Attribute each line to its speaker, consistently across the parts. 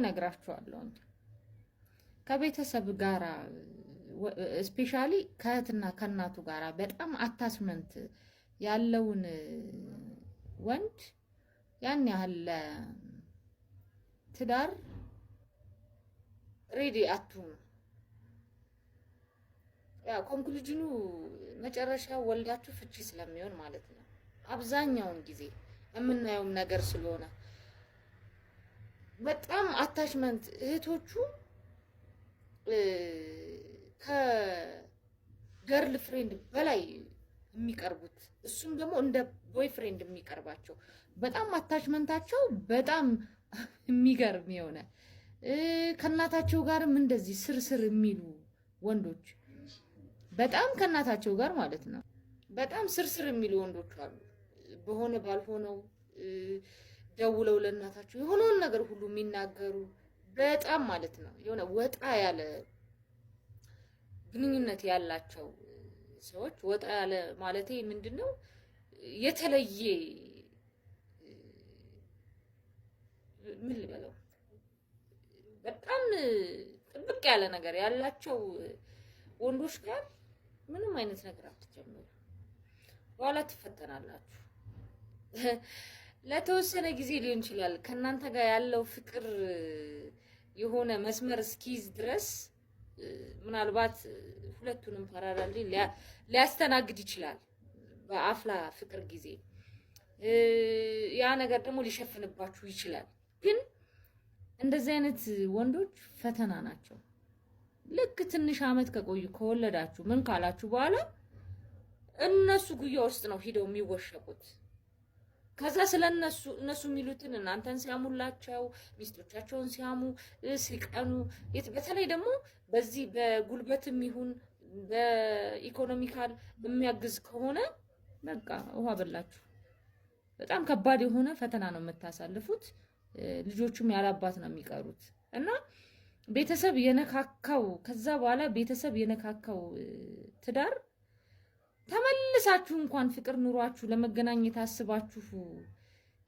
Speaker 1: እነግራችኋለሁ። ከቤተሰብ ጋራ ስፔሻሊ ከእህትና ከእናቱ ጋራ በጣም አታስመንት ያለውን ወንድ ያን ያህል ትዳር ሬዲ አትሁኑ። ያ ኮንክሉጅኑ መጨረሻ ወልዳችሁ ፍቺ ስለሚሆን ማለት ነው። አብዛኛውን ጊዜ የምናየውም ነገር ስለሆነ በጣም አታችመንት እህቶቹ ከገርል ፍሬንድ በላይ የሚቀርቡት እሱም ደግሞ እንደ ቦይ ፍሬንድ የሚቀርባቸው በጣም አታችመንታቸው በጣም የሚገርም የሆነ ከእናታቸው ጋርም እንደዚህ ስርስር የሚሉ ወንዶች በጣም ከእናታቸው ጋር ማለት ነው። በጣም ስርስር የሚሉ ወንዶች አሉ። በሆነ ባልሆነው ደውለው ለእናታቸው የሆነውን ነገር ሁሉ የሚናገሩ በጣም ማለት ነው የሆነ ወጣ ያለ ግንኙነት ያላቸው ሰዎች ወጣ ያለ ማለት ምንድን ነው የተለየ ምን ልበለው በጣም ጥብቅ ያለ ነገር ያላቸው ወንዶች ጋር ምንም አይነት ነገር አትጀምሩ። በኋላ ትፈተናላችሁ። ለተወሰነ ጊዜ ሊሆን ይችላል ከእናንተ ጋር ያለው ፍቅር የሆነ መስመር እስኪይዝ ድረስ ምናልባት ሁለቱንም ፓራላል ሊያስተናግድ ይችላል። በአፍላ ፍቅር ጊዜ ያ ነገር ደግሞ ሊሸፍንባችሁ ይችላል። ግን እንደዚህ አይነት ወንዶች ፈተና ናቸው። ልክ ትንሽ ዓመት ከቆዩ ከወለዳችሁ ምን ካላችሁ በኋላ እነሱ ጉያ ውስጥ ነው ሂደው የሚወሸቁት። ከዛ ስለ እነሱ እነሱ የሚሉትን እናንተን ሲያሙላቸው ሚስቶቻቸውን ሲያሙ ሲቀኑ፣ በተለይ ደግሞ በዚህ በጉልበትም ይሁን በኢኮኖሚካል የሚያግዝ ከሆነ በቃ ውሃ በላችሁ። በጣም ከባድ የሆነ ፈተና ነው የምታሳልፉት። ልጆቹም ያላባት ነው የሚቀሩት እና ቤተሰብ የነካካው ከዛ በኋላ ቤተሰብ የነካካው ትዳር ተመልሳችሁ እንኳን ፍቅር ኑሯችሁ ለመገናኘት አስባችሁ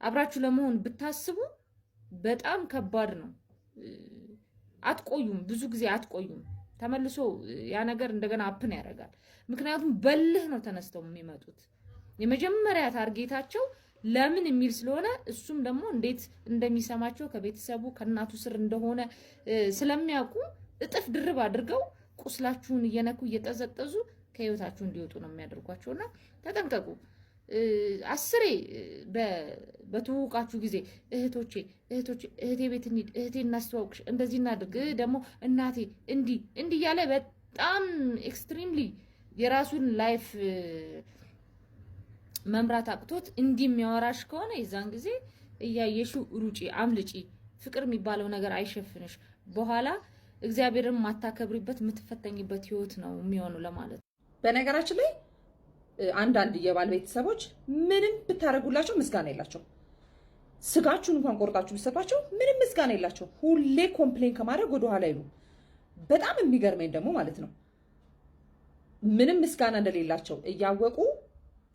Speaker 1: አብራችሁ ለመሆን ብታስቡ በጣም ከባድ ነው። አትቆዩም፣ ብዙ ጊዜ አትቆዩም። ተመልሶ ያ ነገር እንደገና አፕን ያደርጋል። ምክንያቱም በልህ ነው ተነስተው የሚመጡት የመጀመሪያ ታርጌታቸው ለምን የሚል ስለሆነ እሱም ደግሞ እንዴት እንደሚሰማቸው ከቤተሰቡ ከእናቱ ስር እንደሆነ ስለሚያውቁ እጥፍ ድርብ አድርገው ቁስላችሁን እየነኩ እየጠዘጠዙ ከህይወታችሁ እንዲወጡ ነው የሚያደርጓቸው። እና ተጠንቀቁ። አስሬ በትውውቃችሁ ጊዜ እህቶቼ እህቶቼ እህቴ ቤት እንሂድ፣ እህቴ እናስተዋውቅሽ፣ እንደዚህ እናድርግ፣ ደግሞ እናቴ እንዲህ እንዲህ እያለ በጣም ኤክስትሪምሊ የራሱን ላይፍ መምራት አቅቶት እንዲህ የሚያወራሽ ከሆነ የዛን ጊዜ እያየሽው ሩጪ፣ አምልጪ። ፍቅር የሚባለው ነገር አይሸፍንሽ። በኋላ እግዚአብሔርን ማታከብሪበት የምትፈተኝበት ህይወት ነው የሚሆኑ ለማለት በነገራችን ላይ አንዳንድ የባል ቤተሰቦች ምንም ብታደርጉላቸው ምስጋና የላቸው። ስጋችሁን እንኳን ቆርጣችሁ ብሰጧቸው ምንም ምስጋና የላቸው። ሁሌ ኮምፕሌን ከማድረግ ወደኋላ ይሉ። በጣም የሚገርመኝ ደግሞ ማለት ነው ምንም ምስጋና እንደሌላቸው እያወቁ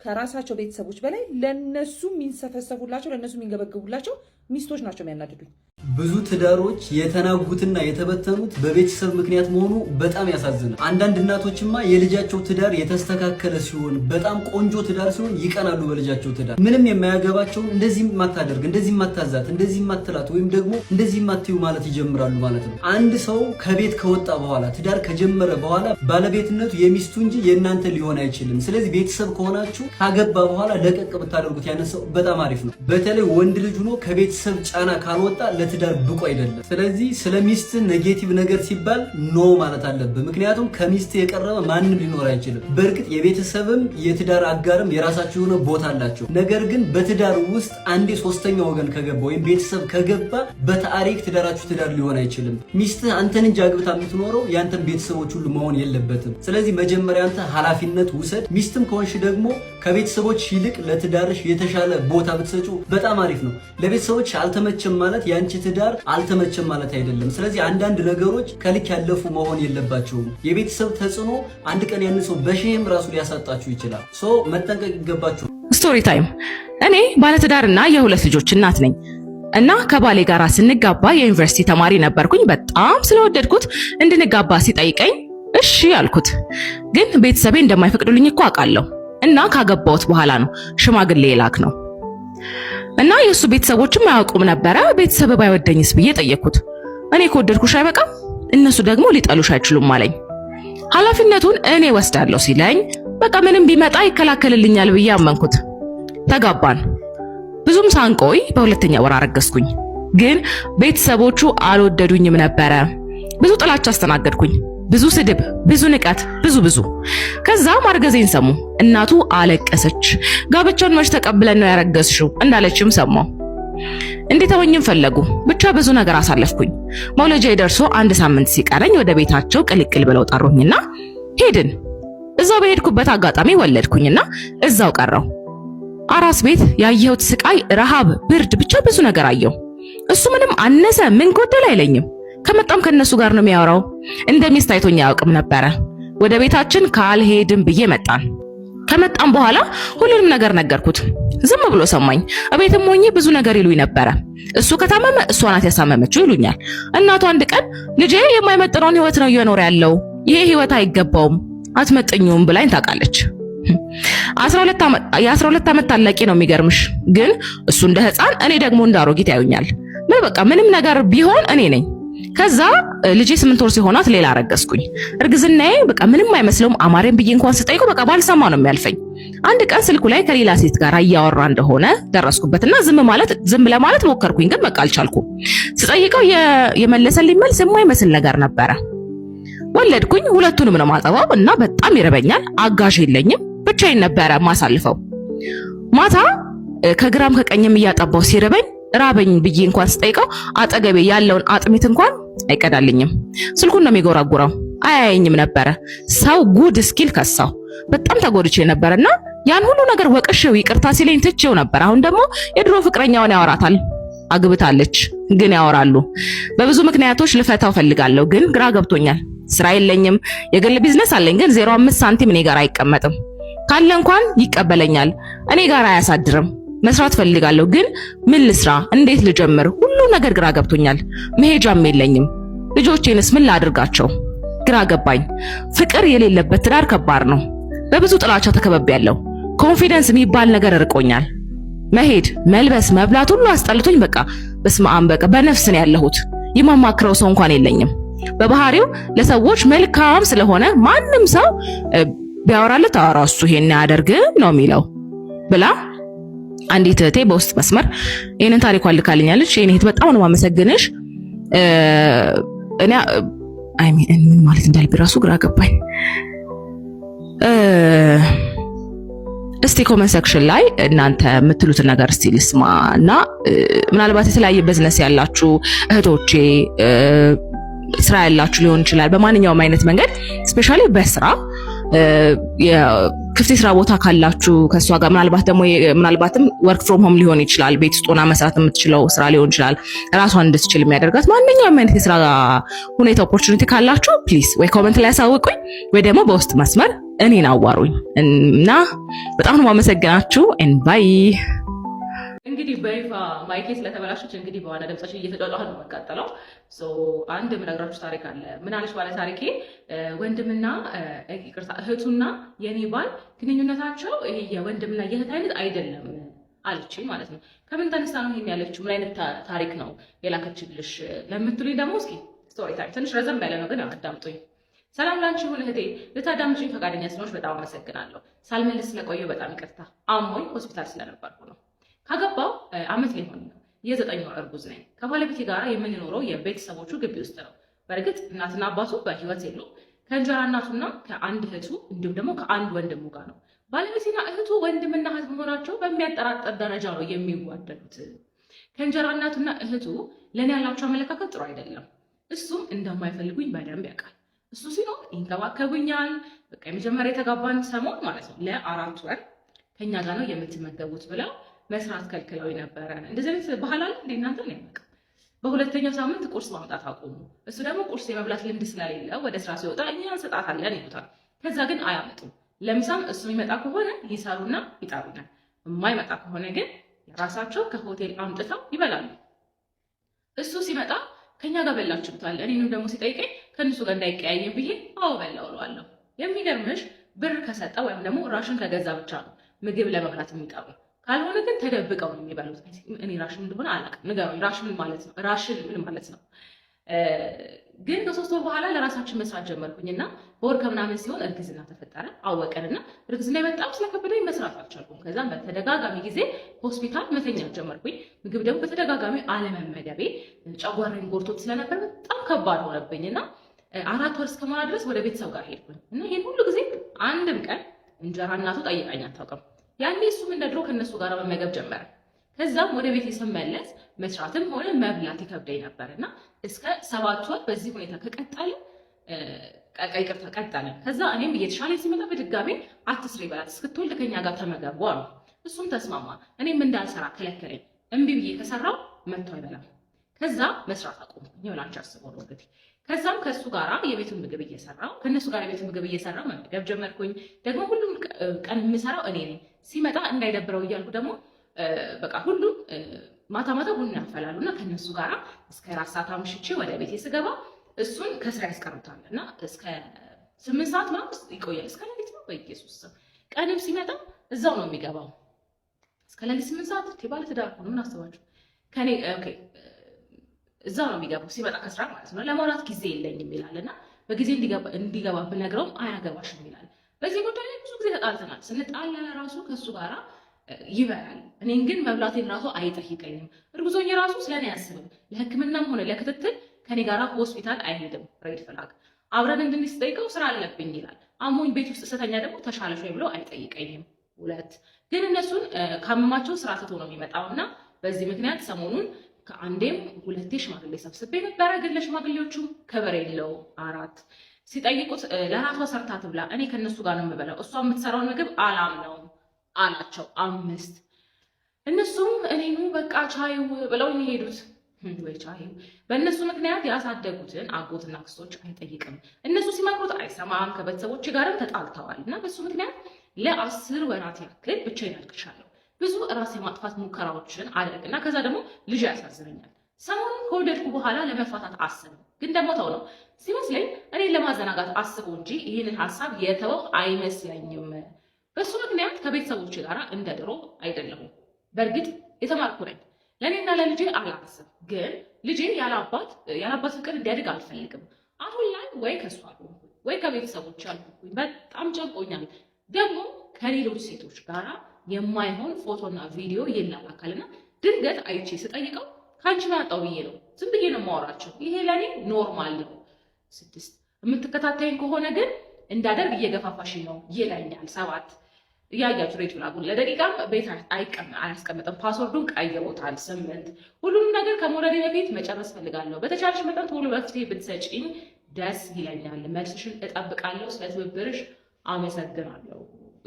Speaker 1: ከራሳቸው ቤተሰቦች በላይ ለነሱ የሚንሰፈሰፉላቸው ለነሱ የሚንገበግቡላቸው ሚስቶች ናቸው የሚያናድዱኝ።
Speaker 2: ብዙ ትዳሮች የተናጉትና የተበተኑት በቤተሰብ ምክንያት መሆኑ በጣም ያሳዝናል። አንዳንድ እናቶችማ የልጃቸው ትዳር የተስተካከለ ሲሆን በጣም ቆንጆ ትዳር ሲሆን ይቀናሉ በልጃቸው ትዳር። ምንም የማያገባቸውን እንደዚህ ማታደርግ፣ እንደዚህ ማታዛት፣ እንደዚህ ማትላት ወይም ደግሞ እንደዚህ ማትዩ ማለት ይጀምራሉ ማለት ነው። አንድ ሰው ከቤት ከወጣ በኋላ ትዳር ከጀመረ በኋላ ባለቤትነቱ የሚስቱ እንጂ የእናንተ ሊሆን አይችልም። ስለዚህ ቤተሰብ ከሆናችሁ ካገባ በኋላ ለቀቅ ብታደርጉት ያነሰው በጣም አሪፍ ነው። በተለይ ወንድ ልጅ ሆኖ ከቤተሰብ ጫና ካልወጣ ለትዳር ለትዳር ብቁ አይደለም። ስለዚህ ስለ ሚስት ኔጌቲቭ ነገር ሲባል ኖ ማለት አለብህ። ምክንያቱም ከሚስት የቀረበ ማንም ሊኖር አይችልም። በእርግጥ የቤተሰብም የትዳር አጋርም የራሳቸው የሆነ ቦታ አላቸው። ነገር ግን በትዳር ውስጥ አንዴ ሶስተኛ ወገን ከገባ ወይም ቤተሰብ ከገባ በታሪክ ትዳራችሁ ትዳር ሊሆን አይችልም። ሚስትህ አንተን እንጂ አግብታ የምትኖረው የአንተን ቤተሰቦች ሁሉ መሆን የለበትም። ስለዚህ መጀመሪያ አንተ ኃላፊነት ውሰድ። ሚስትም ከሆንሽ ደግሞ ከቤተሰቦች ይልቅ ለትዳርሽ የተሻለ ቦታ ብትሰጪው በጣም አሪፍ ነው። ለቤተሰቦች አልተመቸም ማለት የአንቺ ትዳር አልተመቸም ማለት አይደለም። ስለዚህ አንዳንድ ነገሮች ከልክ ያለፉ መሆን የለባቸውም። የቤተሰብ ተጽዕኖ አንድ ቀን ያን ሰው በሺህም ራሱ ሊያሳጣችሁ ይችላል። ሶ መጠንቀቅ ይገባችሁ።
Speaker 3: ስቶሪ ታይም። እኔ ባለትዳርና የሁለት ልጆች እናት ነኝ እና ከባሌ ጋር ስንጋባ የዩኒቨርሲቲ ተማሪ ነበርኩኝ። በጣም ስለወደድኩት እንድንጋባ ሲጠይቀኝ እሺ አልኩት። ግን ቤተሰቤ እንደማይፈቅዱልኝ እኮ አውቃለሁ እና ካገባሁት በኋላ ነው ሽማግሌ የላክ ነው እና የእሱ ቤተሰቦችም አያውቁም ነበረ። ቤተሰብ ባይወደኝስ ብዬ ጠየቅኩት። እኔ ከወደድኩሽ አይበቃም እነሱ ደግሞ ሊጠሉሽ አይችሉም አለኝ። ኃላፊነቱን እኔ ወስዳለሁ ሲለኝ በቃ ምንም ቢመጣ ይከላከልልኛል ብዬ አመንኩት። ተጋባን። ብዙም ሳንቆይ በሁለተኛ ወር አረገዝኩኝ። ግን ቤተሰቦቹ አልወደዱኝም ነበረ። ብዙ ጥላቻ አስተናገድኩኝ። ብዙ ስድብ፣ ብዙ ንቀት፣ ብዙ ብዙ። ከዛ ማርገዜን ሰሙ። እናቱ አለቀሰች። ጋብቻውን መች ተቀብለን ነው ያረገዝሽው እንዳለችም ሰማው። እንዲተወኝም ፈለጉ። ብቻ ብዙ ነገር አሳለፍኩኝ። መውለጃ ደርሶ አንድ ሳምንት ሲቀረኝ ወደ ቤታቸው ቅልቅል ብለው ጠሩኝና ሄድን። እዛው በሄድኩበት አጋጣሚ ወለድኩኝና እዛው ቀረው። አራስ ቤት ያየሁት ስቃይ፣ ረሃብ፣ ብርድ፣ ብቻ ብዙ ነገር አየው። እሱ ምንም አነሰ ምን ጎደል አይለኝም። ከመጣም ከነሱ ጋር ነው የሚያወራው እንደ ሚስት አይቶኝ አያውቅም ነበረ። ወደ ቤታችን ካልሄድም ብዬ መጣን። ከመጣም በኋላ ሁሉንም ነገር ነገርኩት። ዝም ብሎ ሰማኝ። እቤትም ሆኜ ብዙ ነገር ይሉኝ ነበረ። እሱ ከታመመ እሷ ናት ያሳመመችው ይሉኛል። እናቱ አንድ ቀን ልጄ የማይመጥነውን ህይወት ነው እየኖረ ያለው፣ ይሄ ህይወት አይገባውም፣ አትመጥኙም ብላኝ ታውቃለች። የአስራ ሁለት ዓመት ታላቂ ነው የሚገርምሽ። ግን እሱ እንደ ህፃን እኔ ደግሞ እንደ አሮጊት ያዩኛል። ምን በቃ ምንም ነገር ቢሆን እኔ ነኝ። ከዛ ልጄ ስምንት ወር ሲሆናት ሌላ አረገዝኩኝ። እርግዝናዬ በቃ ምንም አይመስለውም። አማሬን ብዬ እንኳን ስጠይቀው በቃ ባልሰማ ነው የሚያልፈኝ። አንድ ቀን ስልኩ ላይ ከሌላ ሴት ጋር እያወራ እንደሆነ ደረስኩበትና ዝም ማለት ዝም ለማለት ሞከርኩኝ፣ ግን በቃ አልቻልኩም። ስጠይቀው የመለሰልኝ መልስ የማይመስል ነገር ነበረ። ወለድኩኝ። ሁለቱንም ነው ማጠባው እና በጣም ይርበኛል። አጋዥ የለኝም። ብቻዬን ነበረ ማሳልፈው። ማታ ከግራም ከቀኝም እያጠባው ሲርበኝ ራበኝ ብዬ እንኳን ስጠይቀው አጠገቤ ያለውን አጥሚት እንኳን አይቀዳልኝም። ስልኩን ነው የሚጎራጉረው። አያየኝም ነበረ። ሰው ጉድ እስኪል ከሳው በጣም ተጎድቼ ነበርና ያን ሁሉ ነገር ወቅሼው ይቅርታ ሲለኝ ትቼው ነበር። አሁን ደግሞ የድሮ ፍቅረኛውን ያወራታል። አግብታለች፣ ግን ያወራሉ። በብዙ ምክንያቶች ልፈታው ፈልጋለሁ፣ ግን ግራ ገብቶኛል። ስራ የለኝም፣ የግል ቢዝነስ አለኝ፣ ግን ዜሮ አምስት ሳንቲም እኔ ጋር አይቀመጥም። ካለ እንኳን ይቀበለኛል፣ እኔ ጋር አያሳድርም። መስራት ፈልጋለሁ፣ ግን ምን ልስራ? እንዴት ልጀምር? ሁሉ ነገር ግራ ገብቶኛል። መሄጃም የለኝም። ልጆቼንስ ምን ላድርጋቸው? ግራ ገባኝ። ፍቅር የሌለበት ትዳር ከባድ ነው። በብዙ ጥላቻ ያለው ኮንፊደንስ የሚባል ነገር እርቆኛል። መሄድ፣ መልበስ፣ መብላት ሁሉ አስጠልቶኝ በቃ በስመ አብ በቃ በነፍስን ያለሁት የማማክረው ሰው እንኳን የለኝም። በባህሪው ለሰዎች መልካም ስለሆነ ማንም ሰው ቢያወራለት ራሱ ይሄን አያደርግም ነው የሚለው ብላ አንዲት እህቴ በውስጥ መስመር ይህንን ታሪኳን ልካልኛለች። ይህን እህት በጣም ነው ማመሰግንሽ። ምን ማለት እንዳለብኝ ራሱ ግራ ገባኝ። እስቲ ኮመን ሰክሽን ላይ እናንተ የምትሉትን ነገር እስቲ ልስማ እና ምናልባት የተለያየ ቢዝነስ ያላችሁ እህቶቼ ስራ ያላችሁ ሊሆን ይችላል። በማንኛውም አይነት መንገድ ስፔሻሊ በስራ ክፍት የስራ ቦታ ካላችሁ ከእሷ ጋር ምናልባት ደግሞ ምናልባትም ወርክ ፍሮም ሆም ሊሆን ይችላል። ቤት ውስጥ ሆና መስራት የምትችለው ስራ ሊሆን ይችላል። ራሷን እንድትችል የሚያደርጋት ማንኛውም አይነት የስራ ሁኔታ ኦፖርቹኒቲ ካላችሁ ፕሊስ ወይ ኮመንት ላይ ያሳውቁኝ ወይ ደግሞ በውስጥ መስመር እኔን አዋሩኝ እና በጣም ነው ማመሰግናችሁ። ኤን ባይ
Speaker 4: እንግዲህ በይፋ ማይኬ ስለተበላሸች እንግዲህ በዋና ድምጻችን እየተጫጫህ ነው የምንቀጥለው። አንድ የምነግራችሁ ታሪክ አለ። ምን አለች ባለ ታሪኬ ወንድምና ይቅርታ እህቱና የኔ ባል ግንኙነታቸው ይሄ የወንድምና የእህት አይነት አይደለም አልች ማለት ነው። ከምን ተነሳ ነው ይሄን ያለችው? ምን አይነት ታሪክ ነው የላከችልሽ ለምትሉኝ ደግሞ እስኪ ስቶሪ ታይም ትንሽ ረዘም ያለ ነው ግን አዳምጡኝ። ሰላም ላንቺ ይሁን እህቴ። ልታዳምጪኝ ፈቃደኛ ስለሆንሽ በጣም አመሰግናለሁ። ሳልመልስ ስለቆየሁ በጣም ይቅርታ። አሞኝ ሆስፒታል ስለነበርኩ ነው። ከገባው አመት ሊሆን ነው። የዘጠኝ ወር እርጉዝ ነኝ። ከባለቤቴ ጋር የምንኖረው የቤተሰቦቹ ግቢ ውስጥ ነው። በእርግጥ እናትና አባቱ በህይወት የሉም። ከእንጀራ እናቱና ከአንድ እህቱ እንዲሁም ደግሞ ከአንድ ወንድሙ ጋር ነው። ባለቤቴና እህቱ ወንድምና እህት መሆናቸው በሚያጠራጠር ደረጃ ነው የሚዋደዱት። ከእንጀራ እናቱና እህቱ ለእኔ ያላቸው አመለካከት ጥሩ አይደለም። እሱም እንደማይፈልጉኝ በደንብ ያውቃል። እሱ ሲኖር ይንከባከቡኛል። በቃ የመጀመሪያ የተጋባን ሰሞን ማለት ነው ለአራት ወር ከኛ ጋር ነው የምትመገቡት ብለው መስራት ከልክለው ነበረ። እንደዚህ አይነት ባህል አለ እንደ እናንተ ነው ያመቀ በሁለተኛው ሳምንት ቁርስ ማምጣት አቆሙ። እሱ ደግሞ ቁርስ የመብላት ልምድ ስለሌለ ወደ ስራ ሲወጣ እኛ እንሰጣታለን ይሉታል። ከዛ ግን አያመጡም። ለምሳም እሱ የሚመጣ ከሆነ ይሰሩና ይጠሩናል። የማይመጣ ከሆነ ግን ራሳቸው ከሆቴል አምጥተው ይበላሉ። እሱ ሲመጣ ከኛ ጋር በላችሁ በላችሁታል። እኔንም ደግሞ ሲጠይቀኝ ከእነሱ ጋር እንዳይቀያየም ብዬ አዎ በላ ውለዋለሁ። የሚገርምሽ ብር ከሰጠ ወይም ደግሞ ራሽን ከገዛ ብቻ ነው ምግብ ለመብላት የሚጠሩ ካልሆነ ግን ተደብቀው ነው የሚበሉት። እኔ ራሽን እንደሆነ አላውቅም፣ ንገሩኝ። ራሽን ማለት ነው ራሽን ምን ማለት ነው? ግን ከሶስት ወር በኋላ ለራሳችን መስራት ጀመርኩኝ እና በወር ከምናምን ሲሆን እርግዝና ተፈጠረ አወቀን እና እርግዝና በጣም ስለከበደኝ መስራት አልቻልኩም። ከዛም በተደጋጋሚ ጊዜ ሆስፒታል መተኛት ጀመርኩኝ። ምግብ ደግሞ በተደጋጋሚ አለመመገቤ ጨጓራን ጎርቶት ስለነበር በጣም ከባድ ሆነብኝ እና አራት ወር እስከመሆና ድረስ ወደ ቤተሰብ ጋር ሄድኩኝ እና ይህን ሁሉ ጊዜ አንድም ቀን እንጀራ እናቱ ጠይቃኝ አታውቅም። ያኔ እሱም እንደ ድሮ ከእነሱ ጋር መመገብ ጀመረ። ከዛም ወደ ቤት ስመለስ መስራትም ሆነ መብላት ይከብደኝ ነበር እና እስከ ሰባት ወር በዚህ ሁኔታ ከቀጠለ ቀይቅርታ ቀጠለ። ከዛ እኔም እየተሻለ ሲመጣ በድጋሚ አትስሪ በላት እስክትወልድ ከኛ ጋር ተመገቡ አሉ። እሱም ተስማማ። እኔም እንዳልሰራ ከለከለኝ። እምቢ ብዬ ከሰራው መጥቶ አይበላም። ከዛ መስራት አቆሙ። ይበላቸው አስቦ ነው እንግዲህ። ከዛም ከእሱ ጋራ የቤቱን ምግብ እየሰራው ከእነሱ ጋር የቤቱን ምግብ እየሰራው መመገብ ጀመርኩኝ። ደግሞ ሁሉም ቀን የምሰራው እኔ ነኝ። ሲመጣ እንዳይደብረው እያልኩ ደግሞ በቃ ሁሉም ማታ ማታ ቡና ያፈላሉ እና ከነሱ ጋራ እስከ ራት ሰዓት አምሽቼ ወደ ቤቴ ስገባ እሱን ከስራ ያስቀሩታል እና እስከ ስምንት ሰዓት ምናምን ይቆያል እስከ ሌሊት ነው። በኢየሱስ ስም ቀንም ሲመጣ እዛው ነው የሚገባው እስከ ሌሊት ስምንት ሰዓት ቴባለ ባለ ትዳር ሆኖ ምን አስባችሁ ከኔ እዛው ነው የሚገባው ሲመጣ ከስራ ማለት ነው። ለማውራት ጊዜ የለኝም ይላል እና በጊዜ እንዲገባ ብነግረውም አያገባሽም ይላል። በዚህ ጉዳይ ላይ ብዙ ጊዜ ተጣልተናል። ስንጣላ ራሱ ከእሱ ጋራ ይበላል። እኔን ግን መብላቴን ራሱ አይጠይቀኝም። እርጉዞኝ ራሱ ስለኔ አያስብም። ለሕክምናም ሆነ ለክትትል ከኔ ጋራ ሆስፒታል አይሄድም። ሬድ ፍላግ አብረን እንድንስጠይቀው ስራ አለብኝ ይላል። አሞኝ ቤት ውስጥ ስተኛ ደግሞ ተሻለሽ ወይ ብሎ አይጠይቀኝም። ሁለት ግን እነሱን ካመማቸው ስራ ትቶ ነው የሚመጣው እና በዚህ ምክንያት ሰሞኑን ከአንዴም ሁለቴ ሽማግሌ ሰብስቤ ነበረ። ግን ለሽማግሌዎቹም ክብር የለው። አራት ሲጠይቁት ለራሷ ሰርታ ትብላ፣ እኔ ከነሱ ጋር ነው የምበላው፣ እሷ የምትሰራውን ምግብ አላምነውም አላቸው። አምስት እነሱም እኔኑ በቃ ቻዩ ብለው የሚሄዱት ወይ በእነሱ ምክንያት ያሳደጉትን አጎትና ክሶች አይጠይቅም። እነሱ ሲመክሩት አይሰማም። ከቤተሰቦች ጋርም ተጣልተዋል እና በሱ ምክንያት ለአስር ወራት ያክል ብቻ አልቅሻለሁ። ብዙ ራሴ ማጥፋት ሙከራዎችን አደርግና ከዛ ደግሞ ልጅ ያሳዝነኛል። ሰሞኑን ከወደድኩ በኋላ ለመፋታት አስብ፣ ግን ደግሞ ተው ነው ሲመስለኝ እኔን ለማዘናጋት አስቡ እንጂ ይህንን ሀሳብ የተወው አይመስለኝም። በሱ ምክንያት ከቤተሰቦች ጋር እንደ ድሮ አይደለሁም። በእርግጥ የተማርኩ ነኝ። ለእኔና ለልጄ አላስብ፣ ግን ልጄ ያለአባት ፍቅር እንዲያድግ አልፈልግም። አሁን ላይ ወይ ከእሱ አልሆንኩ ወይ ከቤተሰቦች አልሆንኩኝ። በጣም ጨንቆኛል። ደግሞ ከሌሎች ሴቶች ጋር የማይሆን ፎቶና ቪዲዮ ይላላካልና ድንገት አይቼ ስጠይቀው ከአንቺ ላጣው ብዬ ነው ዝም ብዬ ነው የማወራቸው። ይሄ ለእኔ ኖርማል ነው። ስድስት የምትከታተይኝ ከሆነ ግን እንዳደርግ እየገፋፋሽ ነው ይለኛል። ሰባት እያያችሁ ሬት ብላጉን ለደቂቃም ቤት አያስቀምጥም። ፓስወርዱን ቀይሮታል። ስምንት ሁሉንም ነገር ከመውረዴ በፊት መጨረስ ፈልጋለሁ። በተቻለሽ መጠን ቶሎ መፍትሄ ብትሰጪኝ ደስ ይለኛል። መልስሽን እጠብቃለሁ። ስለ ትብብርሽ አመሰግናለሁ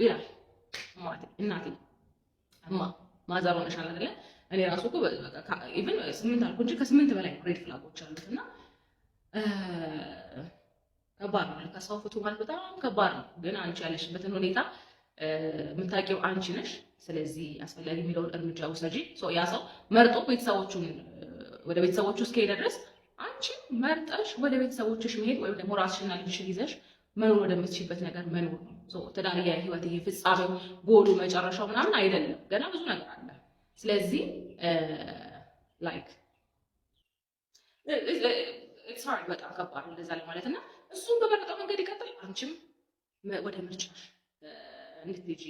Speaker 4: ይላል። እናቴ እማ ማዘር ሆነሻል አይደለ? እኔ ራሱ እኮ ኢቨን ስምንት አልኩ እንጂ ከስምንት በላይ ሬድ ፍላጎች አሉት እና ከባድ ነው። ለካ ሰው ፍቱ ማለት በጣም ከባድ ነው። ግን አንቺ ያለሽበትን ሁኔታ የምታውቂው አንቺ ነሽ። ስለዚህ አስፈላጊ የሚለውን እርምጃ ውሰጂ። ያ ሰው መርጦ ቤተሰቦቹን ወደ ቤተሰቦቹ እስከሄደ ድረስ አንቺ መርጠሽ ወደ ቤተሰቦችሽ መሄድ ወይም ደግሞ ራስሽና ልጅሽን ይዘሽ መኖር ወደምትችልበት ነገር መኖር ነው። ትዳር ህይወት ይሄ ፍጻሜው፣ ጎሉ፣ መጨረሻው ምናምን አይደለም። ገና ብዙ ነገር አለ። ስለዚህ ላይክ ሳር በጣም ከባድ እንደዛ ለማለት እና እሱም በመረጠው መንገድ ይቀጥል፣ አንቺም ወደ ምርጫሽ እንድትሄጂ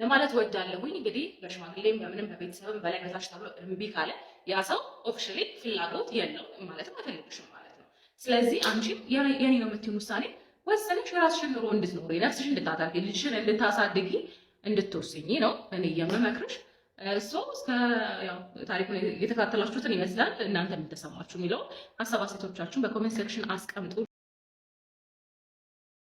Speaker 4: ለማለት ወዳለሁኝ። እንግዲህ በሽማግሌም በምንም በቤተሰብም በላይ በታች ተብሎ እምቢ ካለ ያ ሰው ኦፊሻሊ ፍላጎት የለውም ማለትም አይፈልግሽም ማለት ነው። ስለዚህ አንቺም የኔ ነው የምትይውን ውሳኔ ወሰንሽ የራስሽን ኑሮ እንድትኖሪ ነፍስሽን እንድታታርጊ ልጅሽን እንድታሳድጊ እንድትወስኚ ነው እኔ የምመክርሽ። እሱ እስከ ያው ታሪኩ የተከታተላችሁትን ይመስላል። እናንተ የምትሰማችሁ የሚለው ሀሳብ አሴቶቻችሁን በኮሜንት ሴክሽን አስቀምጡ።